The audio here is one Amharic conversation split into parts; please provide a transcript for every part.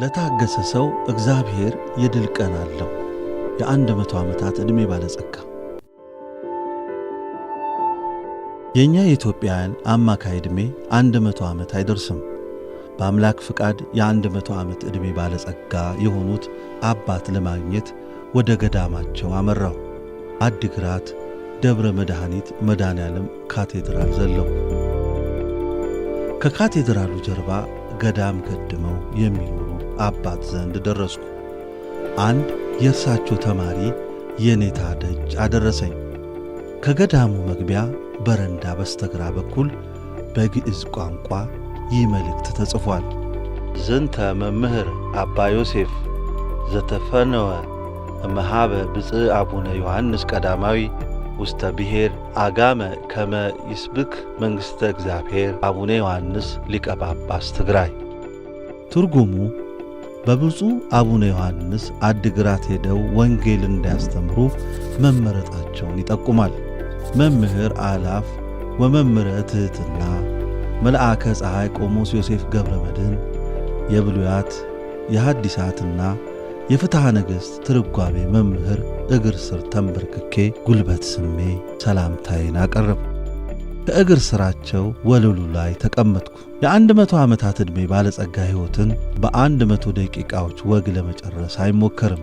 ለታገሰ ሰው እግዚአብሔር የድል ቀን አለው። የአንድ መቶ ዓመታት ዕድሜ ባለጸጋ። የእኛ የኢትዮጵያውያን አማካይ ዕድሜ አንድ መቶ ዓመት አይደርስም። በአምላክ ፍቃድ የአንድ መቶ ዓመት ዕድሜ ባለጸጋ የሆኑት አባት ለማግኘት ወደ ገዳማቸው አመራው። አድግራት ደብረ መድኃኒት መድኃኔ ዓለም ካቴድራል ዘለው ከካቴድራሉ ጀርባ ገዳም ገድመው የሚኖሩ አባት ዘንድ ደረስኩ። አንድ የእርሳቸው ተማሪ የኔታ ደጅ አደረሰኝ። ከገዳሙ መግቢያ በረንዳ በስተግራ በኩል በግዕዝ ቋንቋ ይህ መልእክት ተጽፏል። ዝንተ መምህር አባ ዮሴፍ ዘተፈነወ መሃበ ብፅዕ አቡነ ዮሐንስ ቀዳማዊ ውስተ ብሔር አጋመ ከመ ይስብክ መንግሥተ እግዚአብሔር አቡነ ዮሐንስ ሊቀ ጳጳስ ትግራይ። ትርጉሙ በብፁዕ አቡነ ዮሐንስ አድግራት ሄደው ወንጌል እንዲያስተምሩ መመረጣቸውን ይጠቁማል። መምህር አላፍ ወመምህረ ትሕትና መልአከ ፀሐይ ቆሞስ ዮሴፍ ገብረ መድን፣ የብሉያት የሐዲሳትና የፍትሐ ነገሥት ትርጓሜ መምህር እግር ስር ተንበርክኬ ጉልበት ስሜ ሰላምታዬን አቀረብ። ከእግር ሥራቸው ወለሉ ላይ ተቀመጥኩ። የአንድ መቶ ዓመታት ዕድሜ ባለጸጋ ሕይወትን በአንድ መቶ ደቂቃዎች ወግ ለመጨረስ አይሞከርም።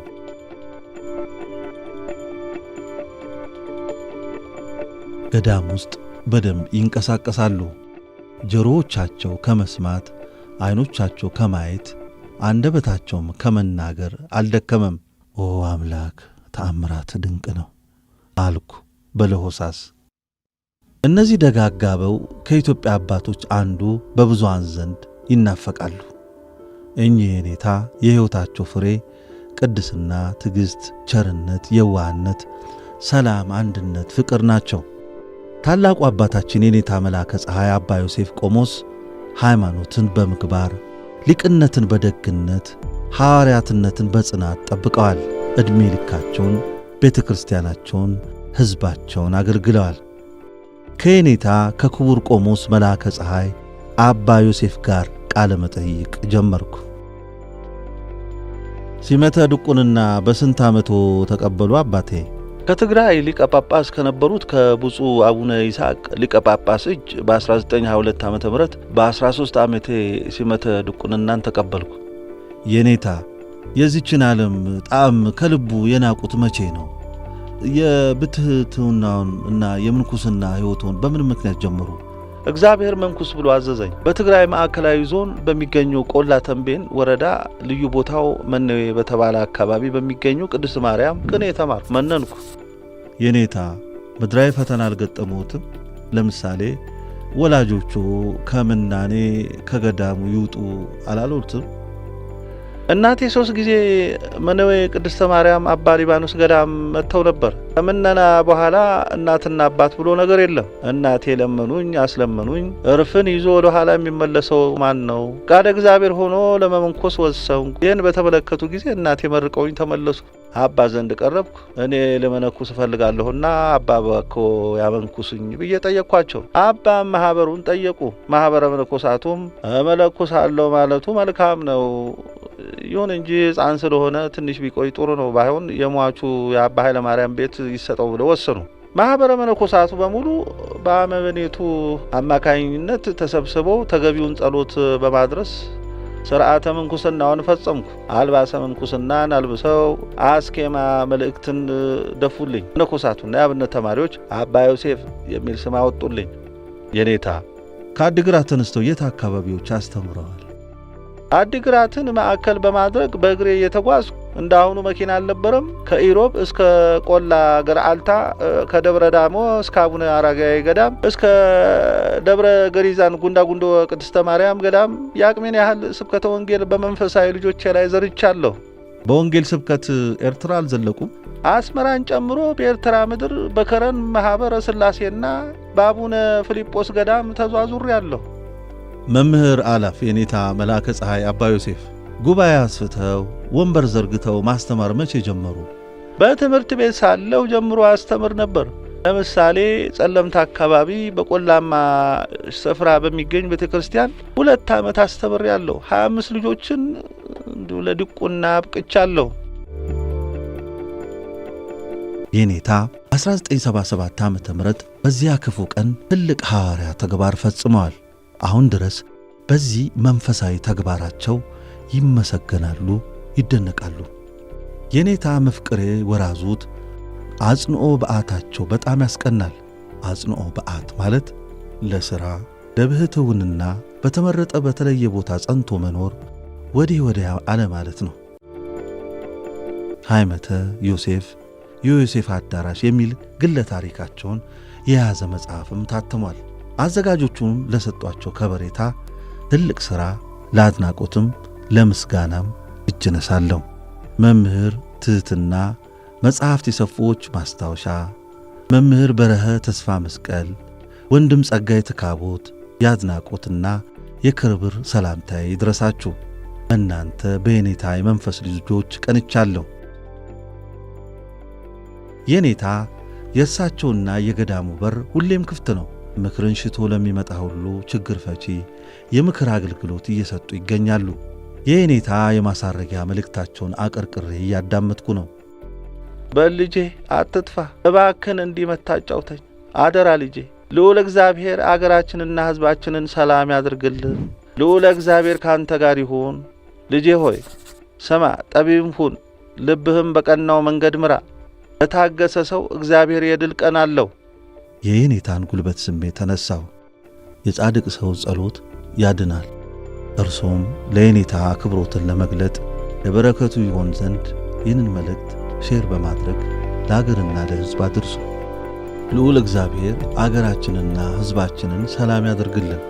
ገዳም ውስጥ በደንብ ይንቀሳቀሳሉ። ጆሮዎቻቸው ከመስማት፣ ዐይኖቻቸው ከማየት፣ አንደበታቸውም ከመናገር አልደከመም። ኦ አምላክ ተአምራት ድንቅ ነው አልኩ በለሆሳስ እነዚህ ደጋግ አበው ከኢትዮጵያ አባቶች አንዱ በብዙሃን ዘንድ ይናፈቃሉ። እኚህ የኔታ የሕይወታቸው ፍሬ ቅድስና፣ ትዕግሥት፣ ቸርነት፣ የዋህነት፣ ሰላም፣ አንድነት፣ ፍቅር ናቸው። ታላቁ አባታችን የኔታ መላከ ፀሐይ አባ ዮሴፍ ቆሞስ ሃይማኖትን በምግባር ሊቅነትን በደግነት ሐዋርያትነትን በጽናት ጠብቀዋል። ዕድሜ ልካቸውን ቤተ ክርስቲያናቸውን፣ ሕዝባቸውን አገልግለዋል። ከየኔታ ከክቡር ቆሞስ መልአከ ፀሐይ አባ ዮሴፍ ጋር ቃለ መጠይቅ ጀመርኩ። ሲመተ ድቁንና በስንት ዓመቶ ተቀበሉ አባቴ? ከትግራይ ሊቀ ጳጳስ ከነበሩት ከብፁዕ አቡነ ይስሐቅ ሊቀ ጳጳስ እጅ በ1922 ዓ ም በ13 ዓመቴ ሲመተ ድቁንናን ተቀበልኩ። የኔታ የዚችን ዓለም ጣዕም ከልቡ የናቁት መቼ ነው? የብትህትናውን እና የምንኩስና ህይወትን በምን ምክንያት ጀመሩ? እግዚአብሔር መንኩስ ብሎ አዘዘኝ። በትግራይ ማዕከላዊ ዞን በሚገኘው ቆላ ተንቤን ወረዳ ልዩ ቦታው መነዌ በተባለ አካባቢ በሚገኙ ቅድስት ማርያም ቅኔ ተማርኩ፣ መነንኩ። የኔታ ምድራዊ ፈተና አልገጠመዎትም? ለምሳሌ ወላጆቹ ከምናኔ ከገዳሙ ይውጡ አላልዎትም? እናቴ ሶስት ጊዜ መነዌ ቅድስተ ማርያም አባ ሊባኖስ ገዳም መጥተው ነበር። ከምነና በኋላ እናትና አባት ብሎ ነገር የለም። እናቴ ለመኑኝ፣ አስለመኑኝ። እርፍን ይዞ ወደ ኋላ የሚመለሰው ማን ነው? ቃደ እግዚአብሔር ሆኖ ለመመንኮስ ወሰንኩ። ይህን በተመለከቱ ጊዜ እናቴ መርቀውኝ ተመለሱ። አባ ዘንድ ቀረብኩ። እኔ ልመነኩስ እፈልጋለሁና አባ በኮ ያመንኩስኝ ብዬ ጠየቅኳቸው። አባ ማህበሩን ጠየቁ። ማህበረ መነኮሳቱም እመለኩሳለሁ ማለቱ መልካም ነው ይሁን እንጂ ህፃን ስለሆነ ትንሽ ቢቆይ ጥሩ ነው። ባይሆን የሟቹ የአባ ኃይለ ማርያም ቤት ይሰጠው ብለው ወሰኑ። ማህበረ መነኮሳቱ በሙሉ በአመበኔቱ አማካኝነት ተሰብስበው ተገቢውን ጸሎት በማድረስ ስርዓተ ምንኩስናውን ፈጸምኩ። አልባሰ ምንኩስናን አልብሰው አስኬማ መልእክትን ደፉልኝ። መነኮሳቱና የአብነት ተማሪዎች አባ ዮሴፍ የሚል ስም አወጡልኝ። የኔታ ከአድግራት ተነስተው የት አካባቢዎች አስተምረዋል? አዲግራትን ማዕከል በማድረግ በእግሬ እየተጓዝኩ እንደ አሁኑ መኪና አልነበረም። ከኢሮብ እስከ ቆላ ገርአልታ፣ ከደብረ ዳሞ እስከ አቡነ አረጋዊ ገዳም፣ እስከ ደብረ ገሪዛን ጉንዳ ጉንዶ ቅድስተ ማርያም ገዳም የአቅሜን ያህል ስብከተ ወንጌል በመንፈሳዊ ልጆቼ ላይ ዘርቻለሁ። በወንጌል ስብከት ኤርትራ አልዘለቁም። አስመራን ጨምሮ በኤርትራ ምድር በከረን ማኅበረ ሥላሴና በአቡነ ፊልጶስ ገዳም ተዟዙሬ አለሁ። መምህር አላፍ የኔታ መልአከ ፀሐይ አባ ዮሴፍ ጉባኤ አስፍተው ወንበር ዘርግተው ማስተማር መቼ ጀመሩ? በትምህርት ቤት ሳለሁ ጀምሮ አስተምር ነበር። ለምሳሌ ጸለምታ አካባቢ በቆላማ ስፍራ በሚገኝ ቤተ ክርስቲያን ሁለት ዓመት አስተምር ያለሁ ሀያ አምስት ልጆችን እንዲሁ ለድቁና አብቅቻለሁ። የኔታ 1977 ዓ ም በዚያ ክፉ ቀን ትልቅ ሐዋርያ ተግባር ፈጽመዋል። አሁን ድረስ በዚህ መንፈሳዊ ተግባራቸው ይመሰገናሉ፣ ይደነቃሉ። የኔታ መፍቅሬ ወራዙት አጽንኦ በዓታቸው በጣም ያስቀናል። አጽንኦ በዓት ማለት ለሥራ ለብህትውንና በተመረጠ በተለየ ቦታ ጸንቶ መኖር ወዲህ ወዲያ አለ ማለት ነው። ሃይመተ ዮሴፍ የዮሴፍ አዳራሽ የሚል ግለ ታሪካቸውን የያዘ መጽሐፍም ታትሟል። አዘጋጆቹም ለሰጧቸው ከበሬታ፣ ትልቅ ሥራ፣ ለአድናቆትም ለምስጋናም እጅ ነሳለሁ። መምህር ትሕትና፣ መጽሐፍት የሰፎች ማስታወሻ፣ መምህር በረኸ ተስፋ መስቀል፣ ወንድም ጸጋይ ተካቦት የአድናቆትና የክብር ሰላምታዬ ይድረሳችሁ። እናንተ በየኔታ የመንፈስ ልጆች ቀንቻለሁ። የኔታ የእርሳቸውና የገዳሙ በር ሁሌም ክፍት ነው። ምክርን ሽቶ ለሚመጣ ሁሉ ችግር ፈቺ የምክር አገልግሎት እየሰጡ ይገኛሉ። የእኔታ የማሳረጊያ መልእክታቸውን አቀርቅሬ እያዳመጥኩ ነው። በልጄ አትጥፋ እባክን፣ እንዲመታጫውተኝ አደራ ልጄ። ልዑል እግዚአብሔር አገራችንና ሕዝባችንን ሰላም ያድርግልን። ልዑል እግዚአብሔር ካንተ ጋር ይሁን። ልጄ ሆይ ስማ፣ ጠቢብም ሁን፣ ልብህም በቀናው መንገድ ምራ። ለታገሰ ሰው እግዚአብሔር የድል ቀን አለው። የየኔታን ጉልበት ስሜት ተነሳው። የጻድቅ ሰው ጸሎት ያድናል። እርሶም ለየኔታ አክብሮትን ለመግለጥ ለበረከቱ ይሆን ዘንድ ይህንን መልእክት ሼር በማድረግ ለአገርና ለሕዝብ አድርሱ። ልዑል እግዚአብሔር አገራችንና ሕዝባችንን ሰላም ያደርግልን።